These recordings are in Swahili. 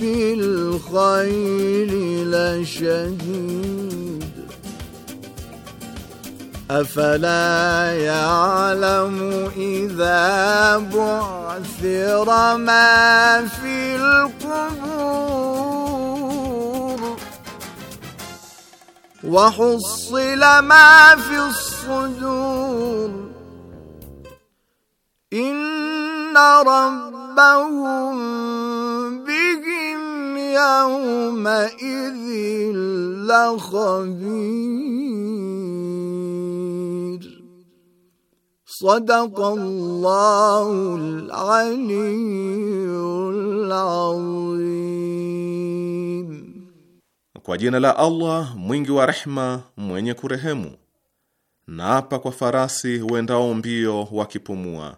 بالخير لشهيد أفلا يعلم إذا بعثر ما في القبور وحصل ما في الصدور إن ربهم Kwa jina la Allah mwingi wa rehma mwenye kurehemu. Naapa kwa farasi wendao mbio wakipumua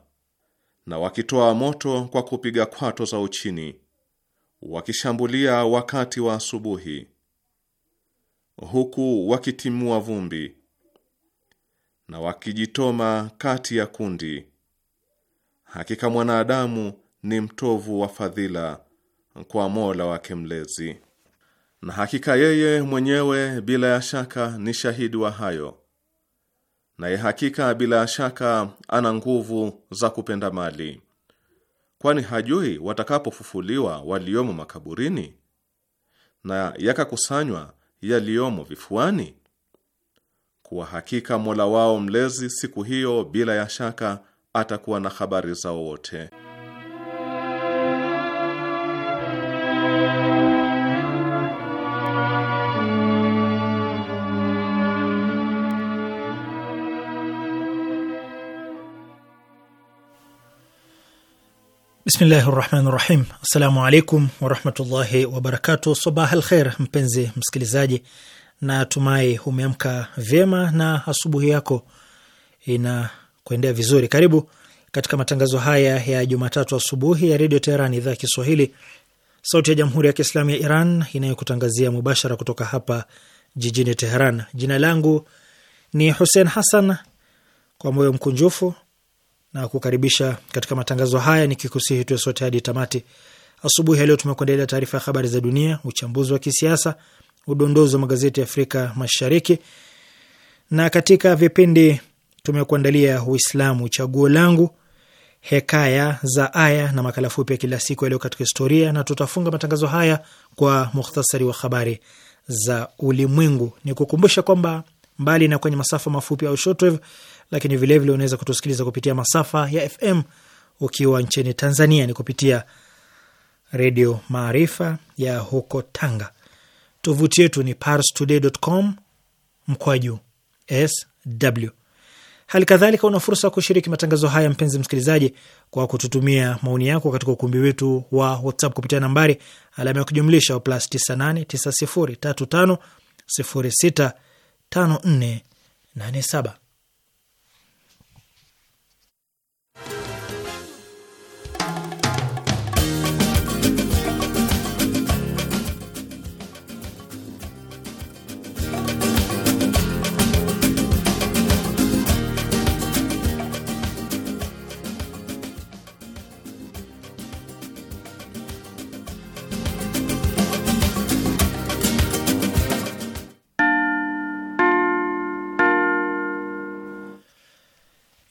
na wakitoa moto kwa kupiga kwato za uchini wakishambulia wakati wa asubuhi, huku wakitimua vumbi na wakijitoma kati ya kundi. Hakika mwanadamu ni mtovu wa fadhila kwa Mola wake Mlezi, na hakika yeye mwenyewe bila ya shaka ni shahidi wa hayo, naye hakika bila ya shaka ana nguvu za kupenda mali kwani hajui watakapofufuliwa waliomo makaburini na yakakusanywa yaliyomo vifuani? Kwa hakika Mola wao mlezi siku hiyo bila ya shaka atakuwa na habari zao wote. Bismillahi rahmani rahim. Assalamu alaikum warahmatullahi wabarakatu. Sabah alkher mpenzi msikilizaji, na tumai umeamka vyema na asubuhi yako ina kuendea vizuri. Karibu katika matangazo haya ya Jumatatu asubuhi ya Redio Teheran, idhaa ya Kiswahili, sauti ya Jamhuri ya Kiislamu ya Iran inayokutangazia mubashara kutoka hapa jijini Teheran. Jina langu ni Hussein Hassan, kwa moyo mkunjufu na kukaribisha katika matangazo haya ni kikusihi tuwe sote hadi tamati. Asubuhi ya leo tumekuandalia taarifa ya habari za dunia, uchambuzi wa kisiasa, udondozi wa magazeti ya Afrika Mashariki, na katika vipindi tumekuandalia Uislamu, chaguo langu, hekaya za aya na makala fupi ya kila siku yaliyo katika historia, na tutafunga matangazo haya kwa mukhtasari wa habari za ulimwengu. Ni kukumbusha kwamba mbali na kwenye masafa mafupi au shortwave lakini vilevile unaweza kutusikiliza kupitia masafa ya FM ukiwa nchini Tanzania ni kupitia Redio Maarifa ya huko Tanga. Tovuti yetu ni parstoday.com mkwaju sw. Hali kadhalika una fursa ya kushiriki matangazo haya, mpenzi msikilizaji, kwa kututumia maoni yako katika ukumbi wetu wa WhatsApp kupitia nambari alama ya kujumlisha wa plus 989035065487.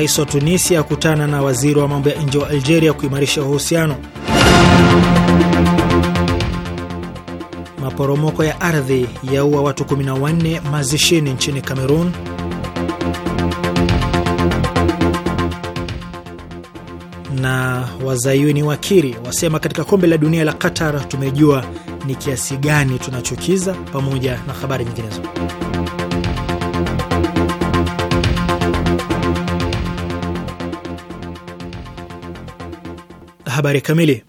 Rais wa Tunisia akutana na waziri wa mambo ya nje wa Algeria kuimarisha uhusiano. Maporomoko ya ardhi yaua watu 14 mazishini nchini Kamerun. Na wazayuni wakiri wasema katika kombe la dunia la Qatar tumejua ni kiasi gani tunachukiza, pamoja na habari nyinginezo. Habari kamili.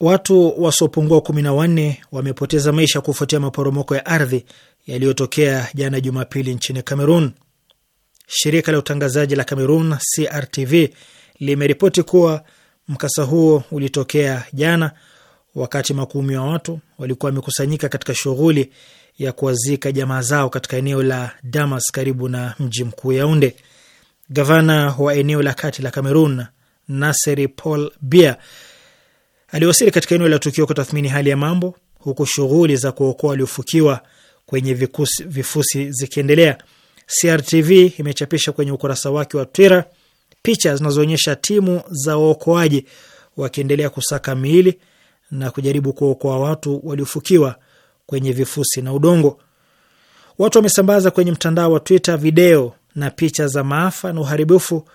Watu wasiopungua kumi na wanne wamepoteza maisha kufuatia maporomoko ya ardhi yaliyotokea jana Jumapili nchini Kamerun. Shirika la utangazaji la Kamerun CRTV limeripoti kuwa mkasa huo ulitokea jana wakati makumi wa watu walikuwa wamekusanyika katika shughuli ya kuwazika jamaa zao katika eneo la Damas karibu na mji mkuu Yaunde. Gavana wa eneo la kati la Kamerun Naseri Paul Bia aliwasili katika eneo la tukio kutathmini hali ya mambo, huku shughuli za kuokoa waliofukiwa kwenye vikusi, vifusi zikiendelea. CRTV imechapisha kwenye ukurasa wake wa Twitter picha zinazoonyesha timu za waokoaji wakiendelea kusaka miili na kujaribu kuokoa watu waliofukiwa kwenye vifusi na udongo. Watu wamesambaza kwenye mtandao wa Twitter video na picha za maafa na uharibifu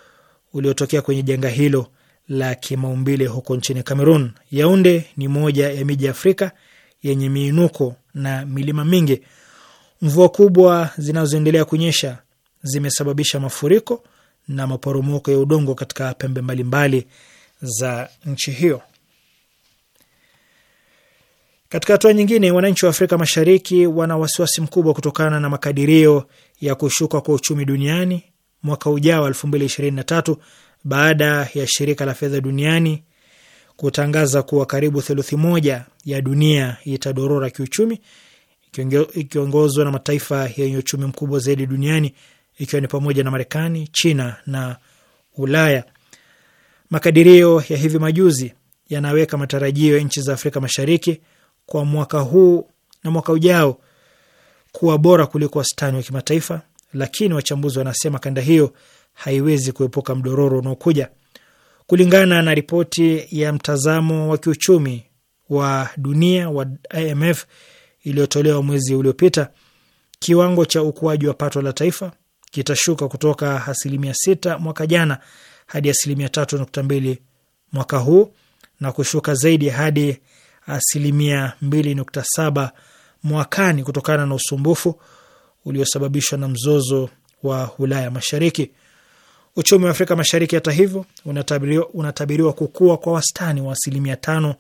uliotokea kwenye janga hilo la kimaumbile huko nchini Kamerun. Yaunde ni moja ya miji ya Afrika yenye miinuko na milima mingi. Mvua kubwa zinazoendelea kunyesha zimesababisha mafuriko na maporomoko ya udongo katika pembe mbalimbali za nchi hiyo. Katika hatua nyingine, wananchi wa Afrika Mashariki wana wasiwasi mkubwa kutokana na makadirio ya kushuka kwa uchumi duniani mwaka ujao 2023 baada ya shirika la fedha duniani kutangaza kuwa karibu theluthi moja ya dunia itadorora kiuchumi ikiongozwa na mataifa yenye uchumi mkubwa zaidi duniani ikiwa ni pamoja na Marekani, China na Ulaya. Makadirio ya hivi majuzi yanaweka matarajio ya nchi za Afrika Mashariki kwa mwaka huu na mwaka ujao kuwa bora kuliko wastani wa kimataifa lakini wachambuzi wanasema kanda hiyo haiwezi kuepuka mdororo unaokuja. Kulingana na ripoti ya mtazamo wa kiuchumi wa dunia wa IMF iliyotolewa mwezi uliopita, kiwango cha ukuaji wa pato la taifa kitashuka kutoka asilimia sita mwaka jana hadi asilimia tatu nukta mbili mwaka huu na kushuka zaidi hadi asilimia mbili nukta saba mwakani kutokana na usumbufu uliosababishwa na mzozo wa Ulaya Mashariki. Uchumi wa Afrika Mashariki, hata hivyo, unatabiriwa, unatabiriwa kukua kwa wastani wa asilimia tano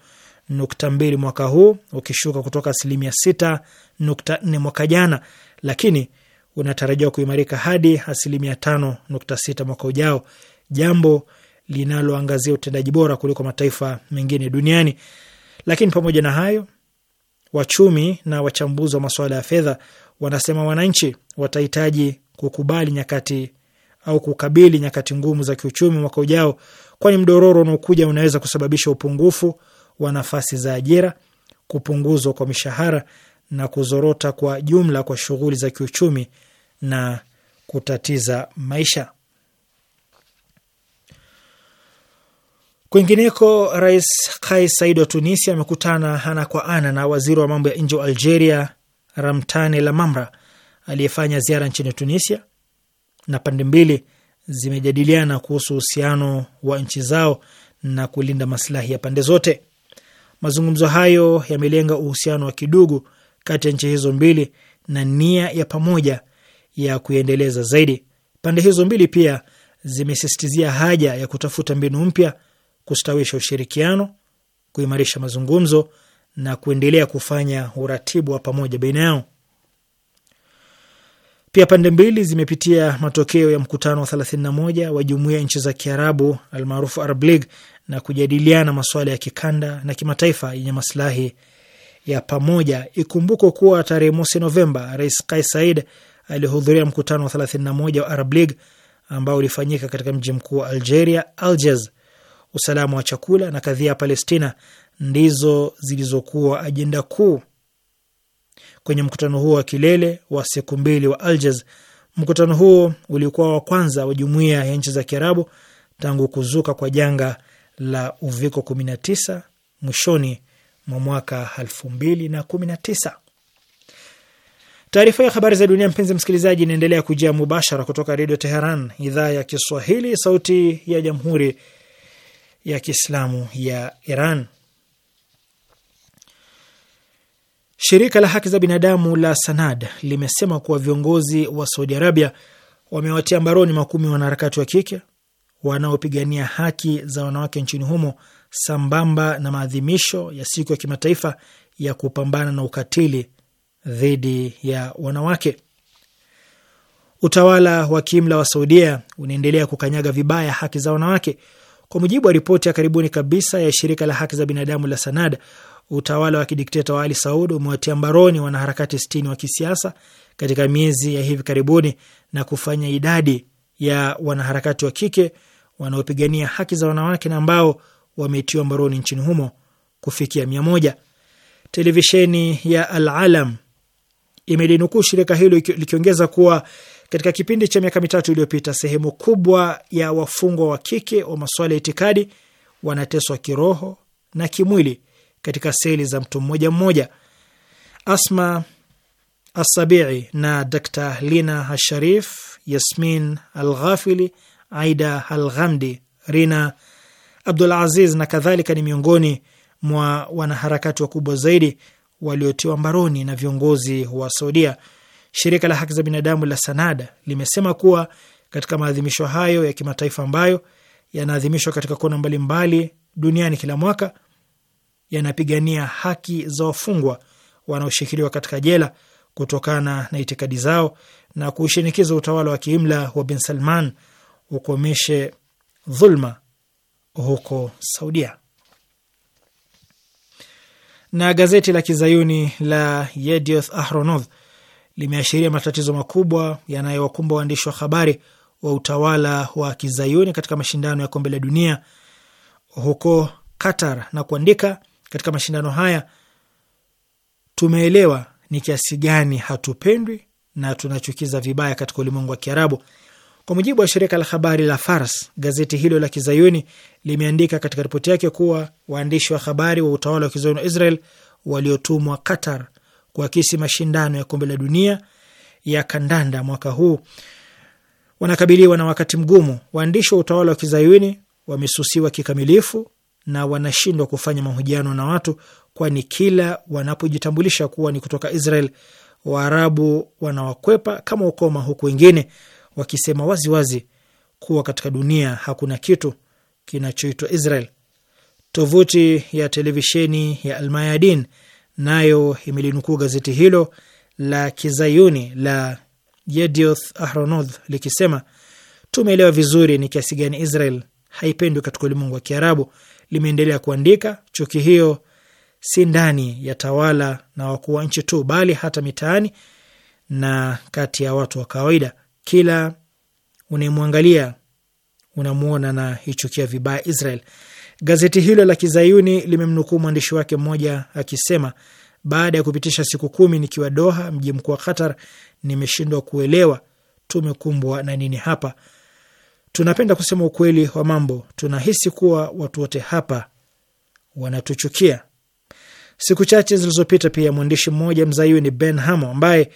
nukta mbili mwaka huu ukishuka kutoka asilimia sita nukta nne mwaka jana, lakini unatarajiwa kuimarika hadi asilimia tano nukta sita mwaka ujao, jambo linaloangazia utendaji bora kuliko mataifa mengine duniani. Lakini pamoja na hayo Wachumi na wachambuzi wa masuala ya fedha wanasema wananchi watahitaji kukubali nyakati au kukabili nyakati ngumu za kiuchumi mwaka ujao, kwani mdororo unaokuja unaweza kusababisha upungufu wa nafasi za ajira, kupunguzwa kwa mishahara na kuzorota kwa jumla kwa shughuli za kiuchumi na kutatiza maisha. Kwingineko, Rais Kais Said wa Tunisia amekutana ana kwa ana na waziri wa mambo ya nje wa Algeria Ramtane Lamamra aliyefanya ziara nchini Tunisia, na pande mbili zimejadiliana kuhusu uhusiano wa nchi zao na kulinda masilahi ya pande zote. Mazungumzo hayo yamelenga uhusiano wa kidugu kati ya nchi hizo mbili na nia ya pamoja ya kuendeleza zaidi. Pande hizo mbili pia zimesisitizia haja ya kutafuta mbinu mpya kustawisha ushirikiano, kuimarisha mazungumzo na kuendelea kufanya uratibu wa pamoja baina yao. Pia pande mbili zimepitia matokeo ya mkutano wa 31 wa jumuiya ya nchi za Kiarabu almaarufu Arab League na kujadiliana masuala ya kikanda na kimataifa yenye maslahi ya pamoja. Ikumbukwe kuwa tarehe mosi Novemba, Rais Kais Saied alihudhuria mkutano wa 31 wa Arab League ambao ulifanyika katika mji mkuu wa Algeria, Algiers, usalama wa chakula na kadhia ya Palestina ndizo zilizokuwa ajenda kuu kwenye mkutano huo wa kilele wa siku mbili wa Algiers. Mkutano huo ulikuwa wa kwanza wa jumuiya ya nchi za Kiarabu tangu kuzuka kwa janga la uviko 19 mwishoni mwa mwaka 2019. Taarifa ya habari za dunia, mpenzi msikilizaji, inaendelea kujia mubashara kutoka Redio Teheran, idhaa ya Kiswahili, sauti ya jamhuri ya Kiislamu ya Iran. Shirika la haki za binadamu la Sanad limesema kuwa viongozi wa Saudi Arabia wamewatia mbaroni makumi wanaharakati wa kike wanaopigania haki za wanawake nchini humo sambamba na maadhimisho ya siku ya kimataifa ya kupambana na ukatili dhidi ya wanawake. Utawala wa kiimla wa Saudia unaendelea kukanyaga vibaya haki za wanawake. Kwa mujibu wa ripoti ya karibuni kabisa ya shirika la haki za binadamu la Sanada, utawala wa kidikteta wa Ali Saud umewatia mbaroni wanaharakati sitini wa kisiasa katika miezi ya hivi karibuni na kufanya idadi ya wanaharakati wa kike wanaopigania haki za wanawake na ambao wametiwa mbaroni nchini humo kufikia mia moja. Televisheni ya Al Alam imelinukuu shirika hilo likiongeza kuwa katika kipindi cha miaka mitatu iliyopita, sehemu kubwa ya wafungwa wa kike wa masuala ya itikadi wanateswa kiroho na kimwili katika seli za mtu mmoja mmoja. Asma Asabii na Dr Lina Asharif, Yasmin Alghafili, Aida Alghamdi, Rina Abdul Aziz na kadhalika ni miongoni mwa wanaharakati wakubwa zaidi waliotiwa mbaroni na viongozi wa Saudia Shirika la haki za binadamu la Sanada limesema kuwa katika maadhimisho hayo ya kimataifa ambayo yanaadhimishwa katika kona mbalimbali duniani kila mwaka, yanapigania haki za wafungwa wanaoshikiliwa katika jela kutokana na itikadi zao na kushinikiza utawala wa kiimla wa Bin Salman ukomeshe dhulma huko Saudia. Na gazeti la kizayuni la Yedioth Ahronoth limeashiria matatizo makubwa yanayowakumba waandishi wa habari wa utawala wa kizayuni katika mashindano ya kombe la dunia huko Qatar na kuandika, katika mashindano haya tumeelewa ni kiasi gani hatupendwi na tunachukiza vibaya katika ulimwengu wa Kiarabu. Kwa mujibu wa shirika la habari la Fars, gazeti hilo la kizayuni limeandika katika ripoti yake kuwa waandishi wa habari wa utawala wa kizayuni wa Israel waliotumwa Qatar kuakisi mashindano ya kombe la dunia ya kandanda mwaka huu wanakabiliwa na wakati mgumu. Waandishi wa utawala wa kizayuni wamesusiwa kikamilifu na wanashindwa kufanya mahojiano na watu, kwani kila wanapojitambulisha kuwa ni kutoka Israel, Waarabu wanawakwepa kama ukoma, huku wengine wakisema waziwazi wazi kuwa katika dunia hakuna kitu kinachoitwa Israel. Tovuti ya televisheni ya Almayadin nayo imelinukuu gazeti hilo la kizayuni la Yedioth Ahronoth likisema tumeelewa vizuri ni kiasi gani Israel haipendwi katika ulimwengu wa Kiarabu. Limeendelea kuandika, chuki hiyo si ndani ya tawala na wakuu wa nchi tu, bali hata mitaani na kati ya watu wa kawaida. Kila unayemwangalia unamwona na hichukia vibaya Israel. Gazeti hilo la kizayuni limemnukuu mwandishi wake mmoja akisema, baada ya kupitisha siku kumi nikiwa Doha, mji mkuu wa Qatar, nimeshindwa kuelewa tumekumbwa na nini hapa. Tunapenda kusema ukweli wa mambo, tunahisi kuwa watu wote hapa wanatuchukia. Siku chache zilizopita pia mwandishi mmoja mzayuni Ben Hamo ambaye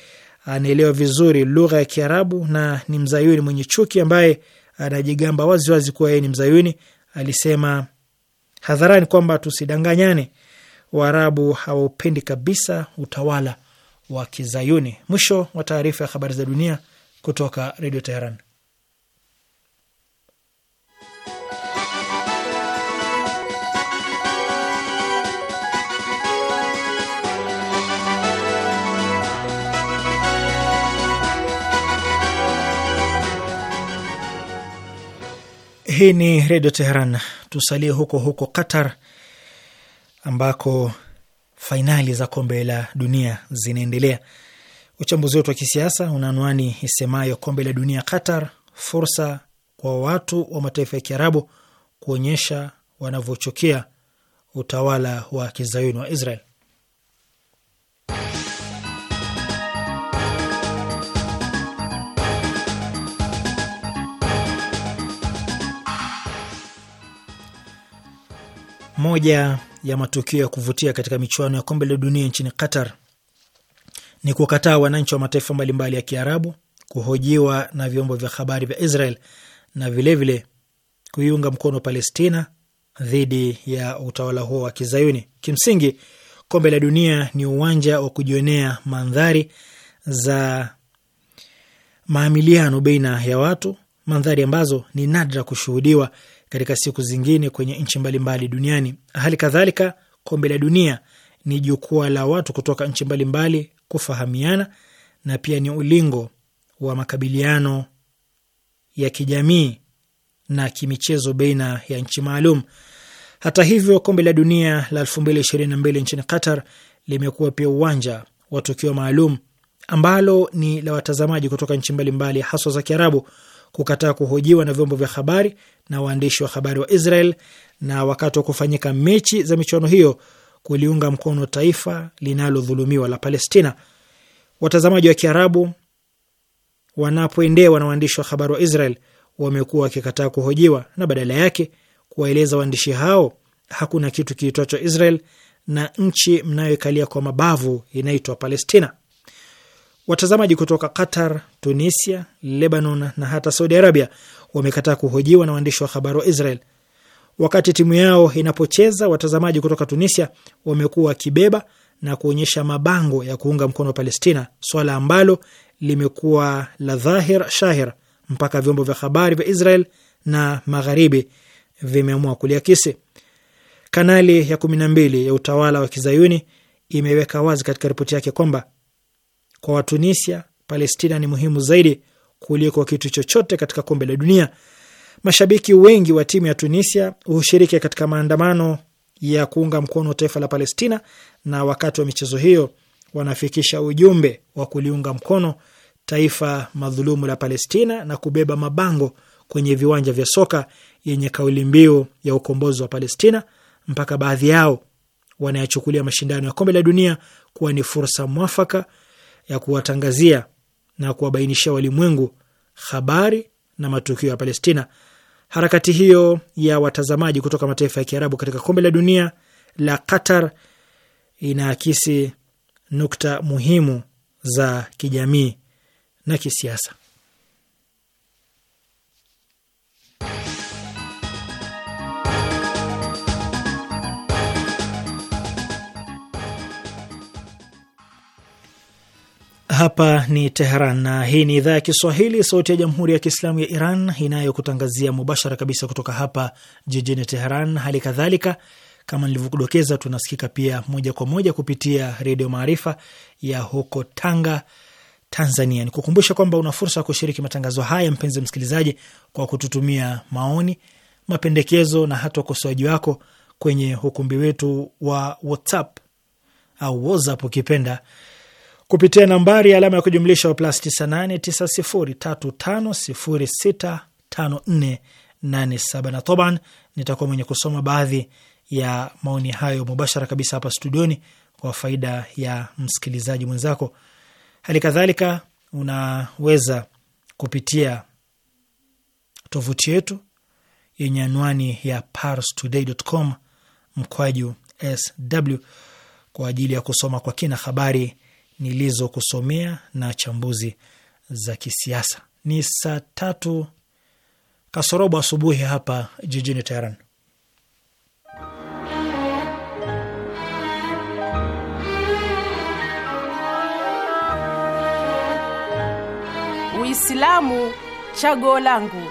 anaelewa vizuri lugha ya Kiarabu na ni mzayuni mwenye chuki ambaye anajigamba waziwazi kuwa yeye ni mzayuni alisema hadharani kwamba tusidanganyane, Waarabu hawaupendi kabisa utawala wa Kizayuni. Mwisho wa taarifa ya habari za dunia kutoka Redio Teheran. Hii ni Redio Teheran. Tusalie huko huko Qatar, ambako fainali za kombe la dunia zinaendelea. Uchambuzi wetu wa kisiasa una anwani isemayo kombe la dunia Qatar, fursa kwa watu wa mataifa ya Kiarabu kuonyesha wanavyochukia utawala wa kizayuni wa Israel. Moja ya matukio ya kuvutia katika michuano ya kombe la dunia nchini Qatar ni kukataa wananchi wa mataifa mbalimbali ya Kiarabu kuhojiwa na vyombo vya habari vya Israel na vilevile vile kuiunga mkono Palestina dhidi ya utawala huo wa Kizayuni. Kimsingi, kombe la dunia ni uwanja wa kujionea mandhari za maamiliano baina ya watu, mandhari ambazo ni nadra kushuhudiwa katika siku zingine kwenye nchi mbalimbali duniani. Hali kadhalika, kombe la dunia ni jukwaa la watu kutoka nchi mbalimbali kufahamiana na pia ni ulingo wa makabiliano ya kijamii na kimichezo baina ya nchi maalum. Hata hivyo, kombe la dunia la 2022 nchini Qatar limekuwa pia uwanja wa tukio maalum ambalo ni la watazamaji kutoka nchi mbalimbali haswa za Kiarabu kukataa kuhojiwa na vyombo vya habari na waandishi wa habari wa Israel, na wakati wa kufanyika mechi za michuano hiyo kuliunga mkono taifa linalodhulumiwa la Palestina. Watazamaji wa Kiarabu wanapoendewa na waandishi wa habari wa Israel wamekuwa wakikataa kuhojiwa na badala yake kuwaeleza waandishi hao hakuna kitu kiitwacho Israel na nchi mnayoikalia kwa mabavu inaitwa Palestina. Watazamaji kutoka Qatar, Tunisia, Lebanon na hata Saudi Arabia wamekataa kuhojiwa na waandishi wa habari wa Israel. Wakati timu yao inapocheza, watazamaji kutoka Tunisia wamekuwa wakibeba na kuonyesha mabango ya kuunga mkono wa Palestina, swala ambalo limekuwa la dhahir shahir mpaka vyombo vya habari vya Israel na magharibi vimeamua kuliakisi. Kanali ya kumi na mbili ya utawala wa kizayuni imeweka wazi katika ripoti yake kwamba kwa Watunisia, Palestina ni muhimu zaidi kuliko kitu chochote katika kombe la dunia. Mashabiki wengi wa timu ya Tunisia hushiriki katika maandamano ya kuunga mkono taifa la Palestina, na wakati wa michezo hiyo wanafikisha ujumbe wa kuliunga mkono taifa madhulumu la Palestina na kubeba mabango kwenye viwanja vya soka yenye kauli mbiu ya ukombozi wa Palestina, mpaka baadhi yao wanayachukulia mashindano ya kombe la dunia kuwa ni fursa mwafaka ya kuwatangazia na kuwabainishia walimwengu habari na matukio ya Palestina. Harakati hiyo ya watazamaji kutoka mataifa ya Kiarabu katika kombe la dunia la Qatar inaakisi nukta muhimu za kijamii na kisiasa. Hapa ni Teheran na hii ni idhaa ya Kiswahili, sauti ya jamhuri ya kiislamu ya Iran inayokutangazia mubashara kabisa kutoka hapa jijini Teheran. Hali kadhalika kama nilivyokudokeza, tunasikika pia moja kwa moja kupitia Redio Maarifa ya huko Tanga, Tanzania. Ni kukumbusha kwamba una fursa ya kushiriki matangazo haya, mpenzi msikilizaji, kwa kututumia maoni, mapendekezo na hata ukosoaji wako kwenye ukumbi wetu wa WhatsApp au WhatsApp ukipenda kupitia nambari ya alama ya kujumlisha wa plus 989035065487 na toban, nitakuwa mwenye kusoma baadhi ya maoni hayo mubashara kabisa hapa studioni kwa faida ya msikilizaji mwenzako. Hali kadhalika unaweza kupitia tovuti yetu yenye anwani ya parstoday.com mkwaju sw kwa ajili ya kusoma kwa kina habari nilizokusomea na chambuzi za kisiasa. Ni saa tatu kasorobo asubuhi hapa jijini Teheran. Uislamu chaguo langu.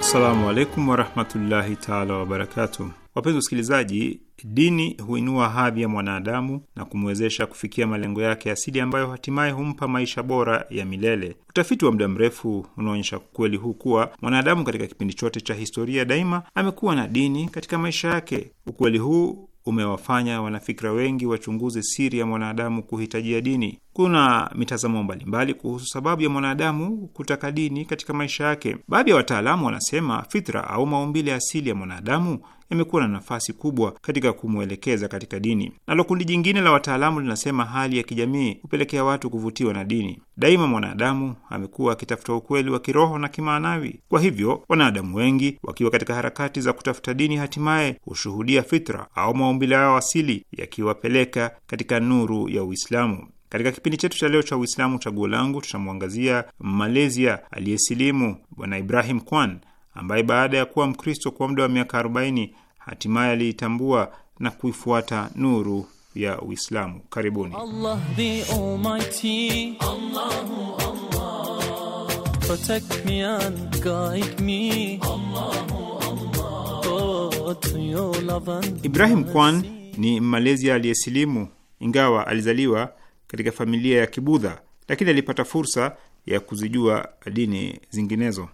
Assalamu alaikum warahmatullahi taala wabarakatuh. Wapenzi wasikilizaji, dini huinua hadhi ya mwanadamu na kumwezesha kufikia malengo yake asili ambayo hatimaye humpa maisha bora ya milele. Utafiti wa muda mrefu unaonyesha kweli huu kuwa mwanadamu katika kipindi chote cha historia daima amekuwa na dini katika maisha yake. Ukweli huu umewafanya wanafikira wengi wachunguze siri ya mwanadamu kuhitajia dini. Kuna mitazamo mbalimbali kuhusu sababu ya mwanadamu kutaka dini katika maisha yake. Baadhi ya wataalamu wanasema fitra au maumbile asili ya mwanadamu yamekuwa na nafasi kubwa katika kumwelekeza katika dini. Nalo kundi jingine la wataalamu linasema hali ya kijamii hupelekea watu kuvutiwa na dini. Daima mwanadamu amekuwa akitafuta ukweli wa kiroho na kimaanawi. Kwa hivyo, wanadamu wengi wakiwa katika harakati za kutafuta dini, hatimaye hushuhudia fitra au maumbile yao asili yakiwapeleka katika nuru ya Uislamu. Katika kipindi chetu cha leo cha Uislamu chaguo langu, tutamwangazia Malaysia aliyesilimu Bwana Ibrahim Kwan ambaye baada ya kuwa Mkristo kwa muda wa miaka 40 hatimaye aliitambua na kuifuata nuru ya Uislamu. Karibuni. Allah the Almighty, Allahu Allah, protect me and guide me, Allahu Allah, oh, to your love and... Ibrahim Kwan ni Malaysia aliyesilimu, ingawa alizaliwa katika familia ya Kibudha, lakini alipata fursa ya kuzijua dini zinginezo.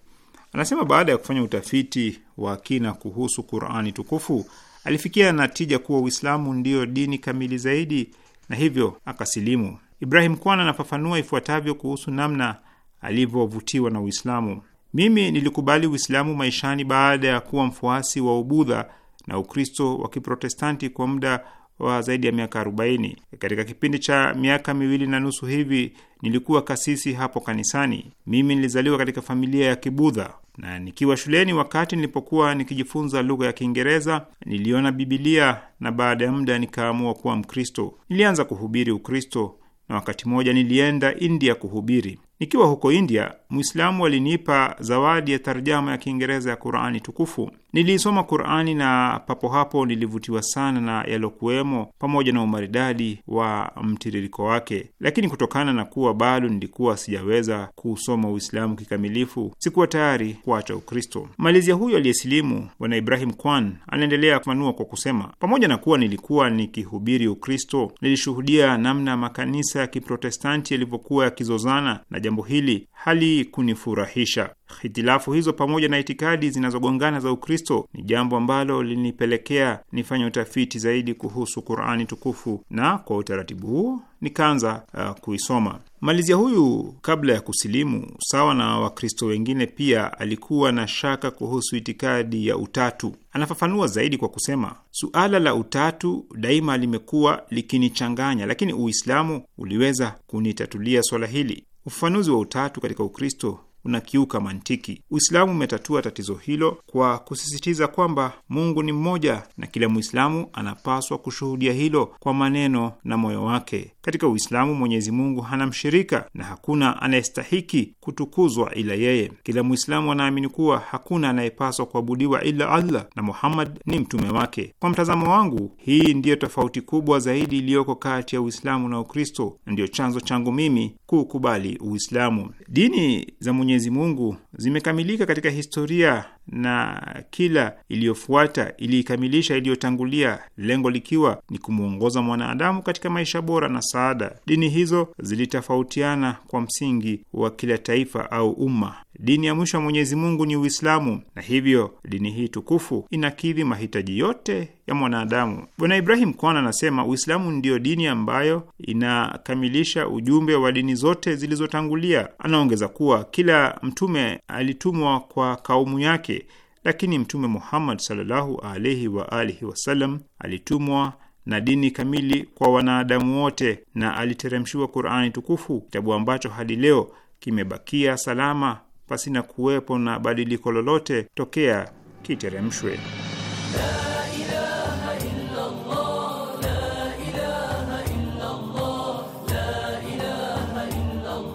Anasema baada ya kufanya utafiti wa kina kuhusu Qurani tukufu alifikia natija kuwa Uislamu ndiyo dini kamili zaidi na hivyo akasilimu. Ibrahim Kwana anafafanua ifuatavyo kuhusu namna alivyovutiwa na Uislamu. Mimi nilikubali Uislamu maishani baada ya kuwa mfuasi wa Ubudha na Ukristo wa Kiprotestanti kwa muda wa zaidi ya miaka 40. Katika kipindi cha miaka miwili na nusu hivi nilikuwa kasisi hapo kanisani. Mimi nilizaliwa katika familia ya Kibudha na nikiwa shuleni, wakati nilipokuwa nikijifunza lugha ya Kiingereza, niliona Bibilia na baada ya muda nikaamua kuwa Mkristo. Nilianza kuhubiri Ukristo na wakati mmoja nilienda India kuhubiri. Nikiwa huko India, Mwislamu alinipa zawadi ya tarjama ya Kiingereza ya Qurani tukufu. Niliisoma Qurani na papo hapo nilivutiwa sana na yalokuwemo, pamoja na umaridadi wa mtiririko wake. Lakini kutokana na kuwa bado nilikuwa sijaweza kuusoma Uislamu kikamilifu, sikuwa tayari kuacha Ukristo. Malizia huyo aliyesilimu Bwana Ibrahim Kwan anaendelea kufanua kwa kusema, pamoja na kuwa nilikuwa nikihubiri Ukristo, nilishuhudia namna makanisa ya Kiprotestanti yalivyokuwa yakizozana na jambo hili halikunifurahisha. Hitilafu hizo pamoja na itikadi zinazogongana za Ukristo ni jambo ambalo linipelekea nifanye utafiti zaidi kuhusu Qurani tukufu na kwa utaratibu huo nikaanza uh, kuisoma. Malizia huyu kabla ya kusilimu, sawa na Wakristo wengine, pia alikuwa na shaka kuhusu itikadi ya utatu. Anafafanua zaidi kwa kusema, suala la utatu daima limekuwa likinichanganya, lakini Uislamu uliweza kunitatulia swala hili. Ufafanuzi wa Utatu katika Ukristo unakiuka mantiki. Uislamu umetatua tatizo hilo kwa kusisitiza kwamba Mungu ni mmoja na kila Mwislamu anapaswa kushuhudia hilo kwa maneno na moyo wake. Katika Uislamu, Mwenyezi Mungu hana mshirika na hakuna anayestahiki kutukuzwa ila yeye. Kila Mwislamu anaamini kuwa hakuna anayepaswa kuabudiwa ila Allah na Muhammad ni mtume wake. Kwa mtazamo wangu, hii ndiyo tofauti kubwa zaidi iliyoko kati ya Uislamu na Ukristo, na ndiyo chanzo changu mimi kukubali Uislamu. Dini za Mwenyezi Mungu zimekamilika katika historia na kila iliyofuata iliikamilisha iliyotangulia, lengo likiwa ni kumwongoza mwanadamu katika maisha bora na saada. Dini hizo zilitofautiana kwa msingi wa kila taifa au umma. Dini ya mwisho ya Mwenyezi Mungu ni Uislamu, na hivyo dini hii tukufu inakidhi mahitaji yote ya mwanadamu. Bwana Ibrahim Kwan anasema Uislamu ndiyo dini ambayo inakamilisha ujumbe wa dini zote zilizotangulia. Anaongeza kuwa kila mtume alitumwa kwa kaumu yake lakini Mtume Muhammad sallallahu alaihi wa alihi wasallam alitumwa na dini kamili kwa wanadamu wote na aliteremshiwa Qurani tukufu, kitabu ambacho hadi leo kimebakia salama na kuwepo na badiliko lolote tokea kiteremshwe.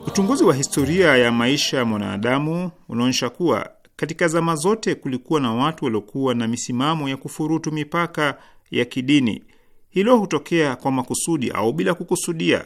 Uchunguzi wa historia ya maisha ya mwanadamu unaonyesha kuwa katika zama zote kulikuwa na watu waliokuwa na misimamo ya kufurutu mipaka ya kidini. Hilo hutokea kwa makusudi au bila kukusudia.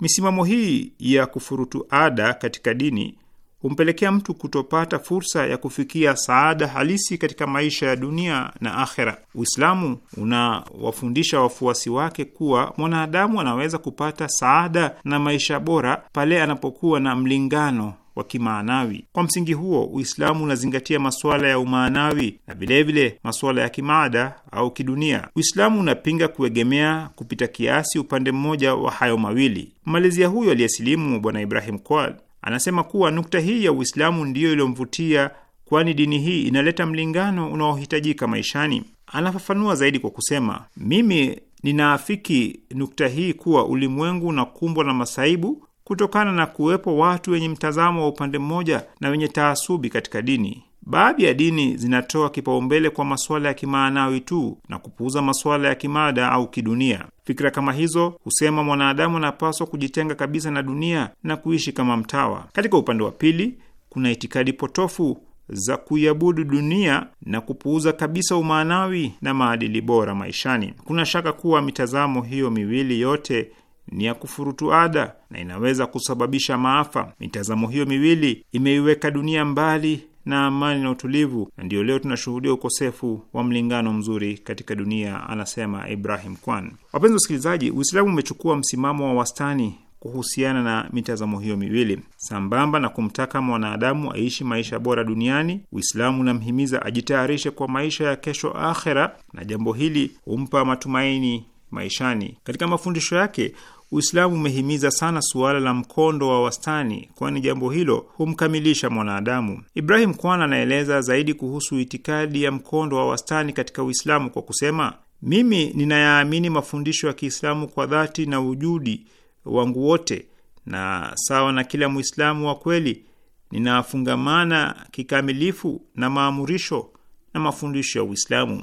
Misimamo hii ya kufurutu ada katika dini humpelekea mtu kutopata fursa ya kufikia saada halisi katika maisha ya dunia na akhera. Uislamu unawafundisha wafuasi wake kuwa mwanadamu anaweza kupata saada na maisha bora pale anapokuwa na mlingano wa kimaanawi. Kwa msingi huo, Uislamu unazingatia masuala ya umaanawi na vilevile masuala ya kimaada au kidunia. Uislamu unapinga kuegemea kupita kiasi upande mmoja wa hayo mawili. Malezia huyo aliyesilimu Bwana Ibrahim Kwal anasema kuwa nukta hii ya Uislamu ndiyo iliyomvutia, kwani dini hii inaleta mlingano unaohitajika maishani. Anafafanua zaidi kwa kusema, mimi ninaafiki nukta hii kuwa ulimwengu unakumbwa na masaibu kutokana na kuwepo watu wenye mtazamo wa upande mmoja na wenye taasubi katika dini. Baadhi ya dini zinatoa kipaumbele kwa masuala ya kimaanawi tu na kupuuza masuala ya kimada au kidunia. Fikira kama hizo husema mwanadamu anapaswa kujitenga kabisa na dunia na kuishi kama mtawa. Katika upande wa pili, kuna itikadi potofu za kuiabudu dunia na kupuuza kabisa umaanawi na maadili bora maishani. Kuna shaka kuwa mitazamo hiyo miwili yote ni ya kufurutu ada na inaweza kusababisha maafa. Mitazamo hiyo miwili imeiweka dunia mbali na amani na utulivu, na ndiyo leo tunashuhudia ukosefu wa mlingano mzuri katika dunia, anasema Ibrahim Kwan. Wapenzi wasikilizaji, Uislamu umechukua msimamo wa wastani kuhusiana na mitazamo hiyo miwili. Sambamba na kumtaka mwanadamu aishi maisha bora duniani, Uislamu unamhimiza ajitayarishe kwa maisha ya kesho akhera, na jambo hili humpa matumaini maishani. Katika mafundisho yake Uislamu umehimiza sana suala la mkondo wa wastani, kwani jambo hilo humkamilisha mwanadamu. Ibrahim Kwan anaeleza zaidi kuhusu itikadi ya mkondo wa wastani katika Uislamu kwa kusema, mimi ninayaamini mafundisho ya Kiislamu kwa dhati na ujudi wangu wote, na sawa na kila Mwislamu wa kweli ninafungamana kikamilifu na maamurisho na mafundisho ya Uislamu.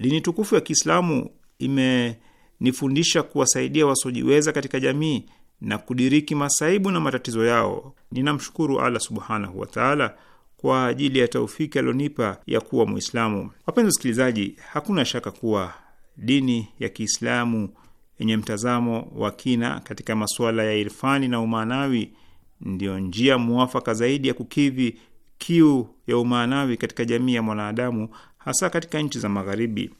Dini tukufu ya Kiislamu ime nifundisha kuwasaidia wasiojiweza katika jamii na kudiriki masaibu na matatizo yao. Ninamshukuru Allah subhanahu wataala kwa ajili ya taufiki alionipa ya kuwa Mwislamu. Wapenzi wasikilizaji, hakuna shaka kuwa dini ya Kiislamu yenye mtazamo wa kina katika masuala ya irfani na umaanawi ndiyo njia muafaka zaidi ya kukidhi kiu ya umaanawi katika jamii ya mwanadamu, hasa katika nchi za Magharibi.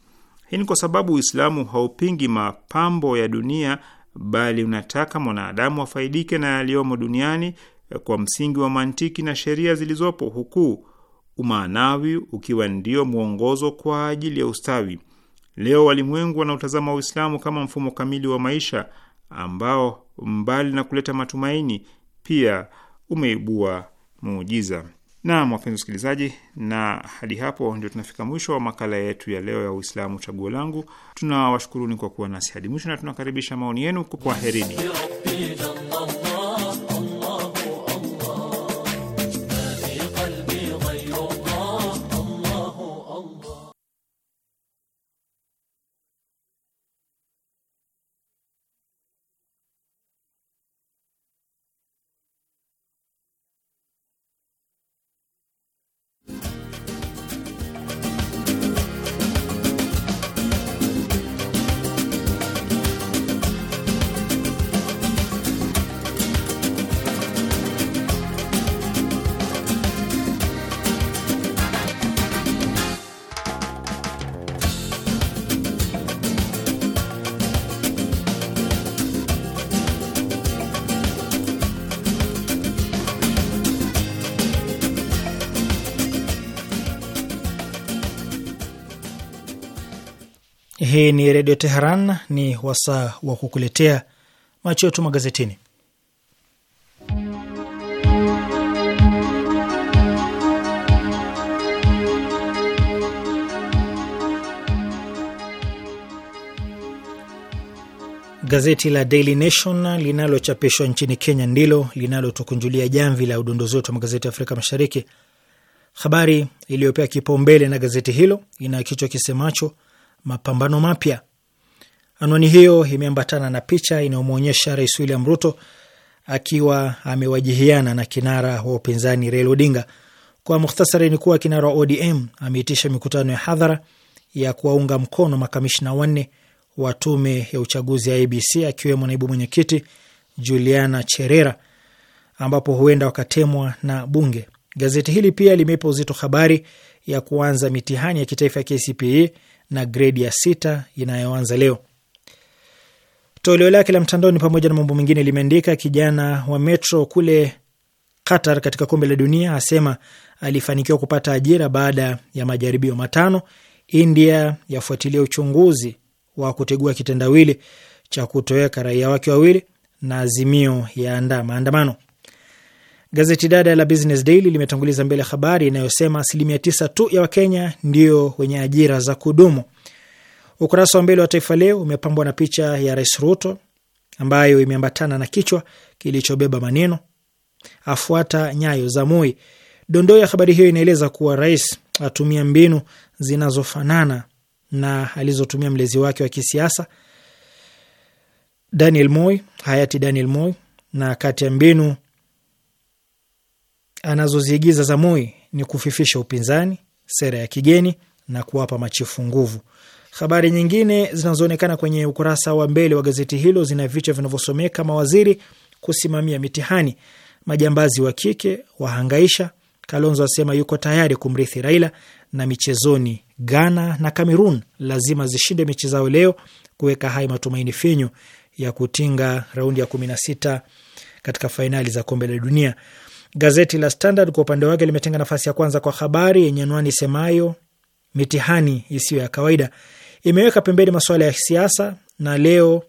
Hii ni kwa sababu Uislamu haupingi mapambo ya dunia, bali unataka mwanadamu afaidike na yaliyomo duniani kwa msingi wa mantiki na sheria zilizopo, huku umaanawi ukiwa ndio mwongozo kwa ajili ya ustawi. Leo walimwengu wanaotazama Uislamu kama mfumo kamili wa maisha ambao mbali na kuleta matumaini pia umeibua muujiza. Naam, wapenzi wasikilizaji, na hadi hapo ndio tunafika mwisho wa makala yetu ya leo ya Uislamu Chaguo Langu. Tunawashukuruni kwa kuwa nasi hadi mwisho na tunakaribisha maoni yenu. Kwaherini. Hii ni Redio Teheran, ni wasaa wa kukuletea macho yetu magazetini. Gazeti la Daily Nation linalochapishwa nchini Kenya ndilo linalotukunjulia jamvi la udondozi wetu wa magazeti ya Afrika Mashariki. Habari iliyopewa kipaumbele na gazeti hilo ina kichwa kisemacho mapambano mapya. Anwani hiyo imeambatana na picha inayomwonyesha Rais William Ruto akiwa amewajihiana na kinara wa upinzani Raila Odinga. Kwa mukhtasari, ni kuwa kinara wa ODM ameitisha mikutano ya hadhara ya kuwaunga mkono makamishna wanne wa tume ya uchaguzi ya ABC akiwemo naibu mwenyekiti Juliana Cherera, ambapo huenda wakatemwa na bunge. Gazeti hili pia limeipa uzito habari ya kuanza mitihani ya kitaifa ya KCPE na gredi ya sita inayoanza leo. Toleo lake la mtandaoni, pamoja na mambo mengine, limeandika kijana wa Metro kule Qatar katika kombe la dunia asema alifanikiwa kupata ajira baada ya majaribio matano. India yafuatilia uchunguzi wa kutegua kitendawili cha kutoweka raia wake wawili, na Azimio yaandaa maandamano. Gazeti dada la Business Daily limetanguliza mbele habari inayosema asilimia tisa tu ya Wakenya ndio wenye ajira za kudumu. Ukurasa wa mbele wa Taifa Leo umepambwa na picha ya Rais Ruto ambayo imeambatana na kichwa kilichobeba maneno afuata nyayo za Moi. Dondoo ya habari hiyo inaeleza kuwa rais atumia mbinu zinazofanana na alizotumia mlezi wake wa kisiasa Daniel Moi, hayati Daniel Moi, na kati ya mbinu anazoziigiza za Moi ni kufifisha upinzani, sera ya kigeni na kuwapa machifu nguvu. Habari nyingine zinazoonekana kwenye ukurasa wa mbele wa gazeti hilo zina vichwa vinavyosomeka mawaziri kusimamia mitihani, majambazi wa kike wahangaisha, Kalonzo asema yuko tayari kumrithi Raila, na michezoni, Ghana na Cameroon lazima zishinde mechi zao leo kuweka hai matumaini finyu ya kutinga raundi ya kumi na sita katika fainali za kombe la dunia. Gazeti la Standard kwa upande wake limetenga nafasi ya kwanza kwa habari yenye anwani semayo mitihani isiyo ya kawaida. Imeweka pembeni masuala ya siasa na leo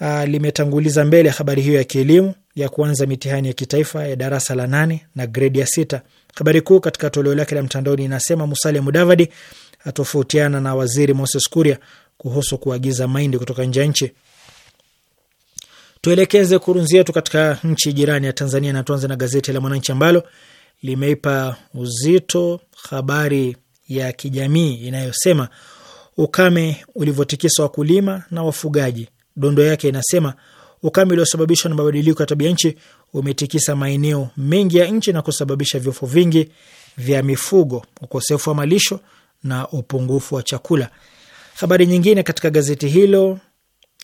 uh, limetanguliza mbele habari hiyo ya kielimu ya kuanza mitihani ya kitaifa ya darasa la nane na gredi ya sita. Habari kuu katika toleo lake la mtandaoni inasema Musalia Mudavadi atofautiana na waziri Moses Kuria kuhusu kuagiza mahindi kutoka nje ya nchi. Tuelekeze kurunzi yetu katika nchi jirani ya Tanzania na tuanze na gazeti la Mwananchi ambalo limeipa uzito habari ya kijamii inayosema ukame ulivyotikisa wakulima na wafugaji. Dondo yake inasema ukame uliosababishwa na mabadiliko ya tabia nchi umetikisa maeneo mengi ya nchi na kusababisha vifo vingi vya mifugo, ukosefu wa malisho na upungufu wa chakula. Habari nyingine katika gazeti hilo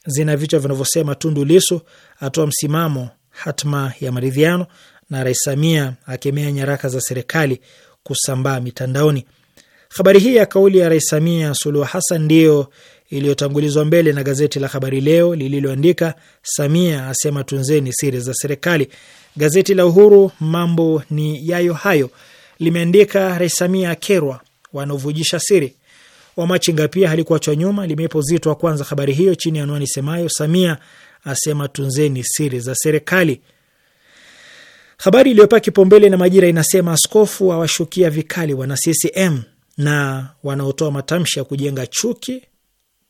zina vichwa vinavyosema Tundu Lisu atoa msimamo hatma ya maridhiano, na Rais Samia akemea nyaraka za serikali kusambaa mitandaoni. Habari hii ya kauli ya Rais Samia Suluhu Hassan ndiyo iliyotangulizwa mbele na gazeti la Habari Leo lililoandika Samia asema tunzeni siri za serikali. Gazeti la Uhuru mambo ni yayo hayo limeandika Rais Samia akerwa wanaovujisha siri. Wamachinga pia halikuachwa nyuma, limeipa uzito wa kwanza habari hiyo chini ya anwani semayo, Samia asema tunzeni siri za serikali. Habari iliyopaa kipaumbele na Majira inasema askofu awashukia vikali wana CCM na wanaotoa matamshi ya kujenga chuki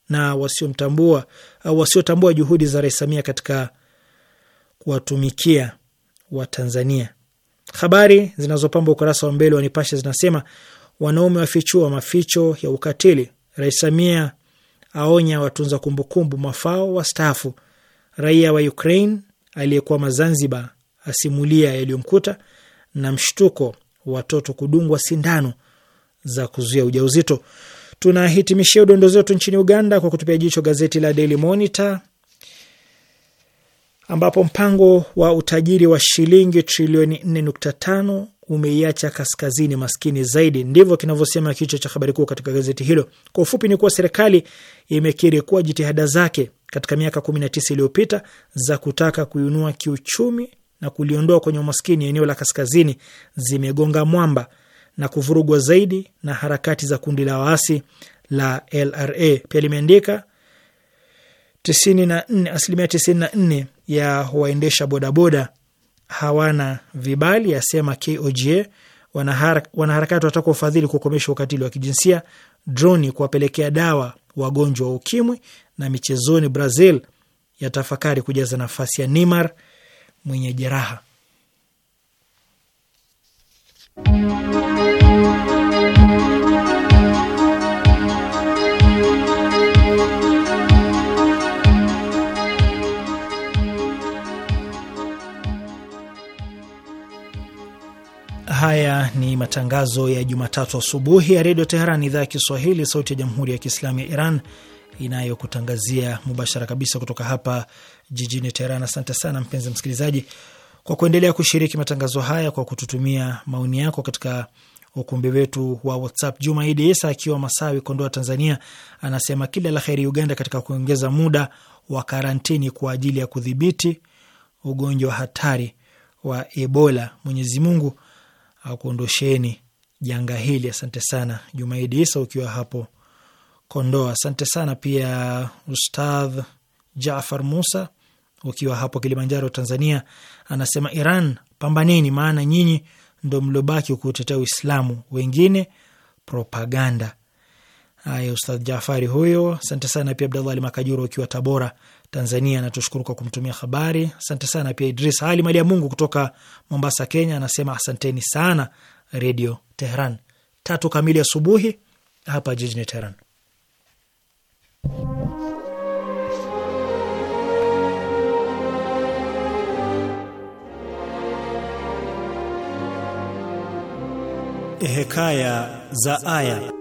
na wasiomtambua au wasiotambua juhudi za Rais Samia katika kuwatumikia Watanzania. Habari zinazopamba ukurasa wa mbele wa Nipashe zinasema Wanaume wafichua maficho ya ukatili. Rais Samia aonya watunza kumbukumbu mafao wastaafu. Raia wa Ukraine aliyekuwa Mazanzibar asimulia yaliyomkuta, na mshtuko watoto kudungwa sindano za kuzuia ujauzito. Tunahitimishia udondozi wetu nchini Uganda kwa kutupia jicho gazeti la Daily Monitor ambapo mpango wa utajiri wa shilingi trilioni 4.5 umeiacha kaskazini maskini zaidi. Ndivyo kinavyosema kichwa cha habari kuu katika gazeti hilo. Kwa ufupi, ni kuwa serikali imekiri kuwa jitihada zake katika miaka tisa iliyopita za kutaka kuinua kiuchumi na kuliondoa kwenye umaskini eneo la kaskazini zimegonga mwamba na kuvurugwa zaidi na harakati za kundi la waasi la LRA. Pia limeandika asilimia 94 ya waendesha bodaboda hawana vibali, asema koga wanaharakati wataka ufadhili kukomesha ukatili wa kijinsia, droni kuwapelekea dawa wagonjwa wa ukimwi, na michezoni Brazil yatafakari kujaza nafasi ya Neymar mwenye jeraha. Haya ni matangazo ya Jumatatu asubuhi ya Redio Teheran, idhaa ya Kiswahili, sauti ya Jamhuri ya Kiislamu ya Iran inayokutangazia mubashara kabisa kutoka hapa jijini Teheran. Asante sana mpenzi msikilizaji kwa kuendelea kushiriki matangazo haya kwa kututumia maoni yako katika ukumbi wetu wa WhatsApp. Juma Idi Isa akiwa Masawi, Kondoa, Tanzania, anasema kila la heri Uganda katika kuongeza muda wa karantini kwa ajili ya kudhibiti ugonjwa hatari wa Ebola. Mwenyezi Mungu akuondosheni janga hili. Asante sana Jumaidi Isa ukiwa hapo Kondoa. Asante sana pia Ustadh Jafar Musa ukiwa hapo Kilimanjaro, Tanzania, anasema Iran pambaneni, maana nyinyi ndo mlobaki kutetea Uislamu, wengine propaganda. Haya, Ustadh Jafari huyo, asante sana pia. Abdallah Ali Makajuru ukiwa Tabora, Tanzania anatushukuru kwa kumtumia habari. Asante sana pia Idris Ali Mali ya Mungu kutoka Mombasa, Kenya, anasema asanteni sana Redio Teheran. Tatu kamili asubuhi hapa jijini Teheran. Hekaya za Aya.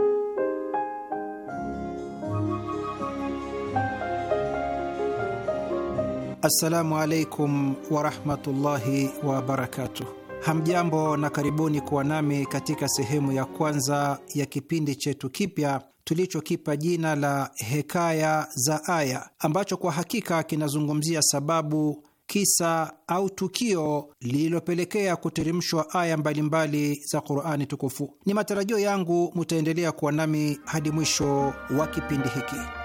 Assalamu alaikum warahmatullahi wabarakatuh. Hamjambo na karibuni kuwa nami katika sehemu ya kwanza ya kipindi chetu kipya tulichokipa jina la Hekaya za Aya, ambacho kwa hakika kinazungumzia sababu, kisa au tukio lililopelekea kuteremshwa aya mbalimbali za Qurani Tukufu. Ni matarajio yangu mutaendelea kuwa nami hadi mwisho wa kipindi hiki.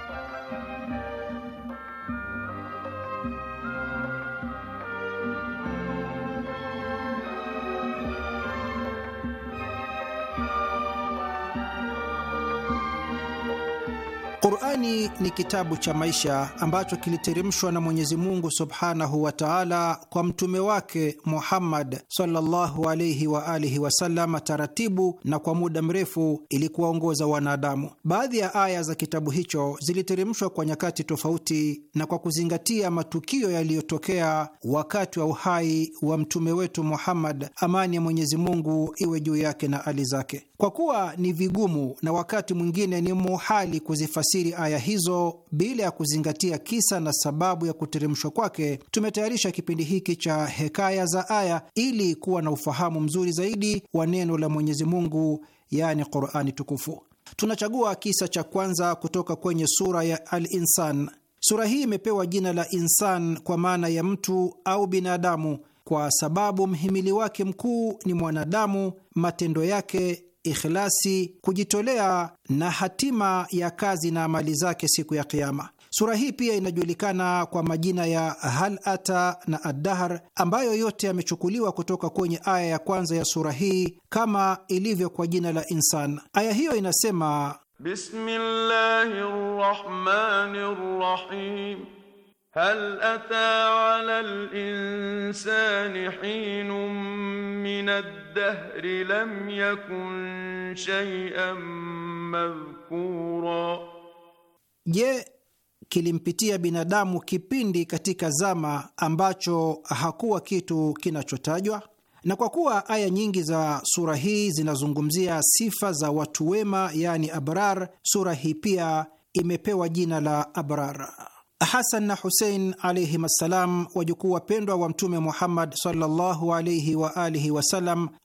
Qurani ni kitabu cha maisha ambacho kiliteremshwa na Mwenyezi Mungu subhanahu wa taala kwa mtume wake Muhammad sallallahu alaihi wa alihi wasallam taratibu na kwa muda mrefu ili kuwaongoza wanadamu. Baadhi ya aya za kitabu hicho ziliteremshwa kwa nyakati tofauti na kwa kuzingatia matukio yaliyotokea wakati wa uhai wa mtume wetu Muhammad, amani ya Mwenyezi Mungu iwe juu yake na ali zake. Kwa kuwa ni vigumu na wakati mwingine ni muhali kuzifasiri aya hizo bila ya kuzingatia kisa na sababu ya kuteremshwa kwake, tumetayarisha kipindi hiki cha hekaya za aya ili kuwa na ufahamu mzuri zaidi wa neno la Mwenyezi Mungu, yaani Qur'ani tukufu. Tunachagua kisa cha kwanza kutoka kwenye sura ya Al-Insan. Sura hii imepewa jina la Insan kwa maana ya mtu au binadamu, kwa sababu mhimili wake mkuu ni mwanadamu, matendo yake ikhlasi, kujitolea na hatima ya kazi na amali zake siku ya Kiama. Sura hii pia inajulikana kwa majina ya Hal Ata na Addahar, ambayo yote yamechukuliwa kutoka kwenye aya ya kwanza ya sura hii kama ilivyo kwa jina la insan. Aya hiyo inasema bismillahi rahmani rahim هل أتى على الإنسان حين من الدهر لم يكن شيئا مذكورا Je, kilimpitia binadamu kipindi katika zama ambacho hakuwa kitu kinachotajwa? Na kwa kuwa aya nyingi za sura hii zinazungumzia sifa za watu wema, yaani abrar, sura hii pia imepewa jina la Abrar. Hasan na Husein alaihim assalam, wajukuu wapendwa wa Mtume Muhammad sallallahu alaihi wa alihi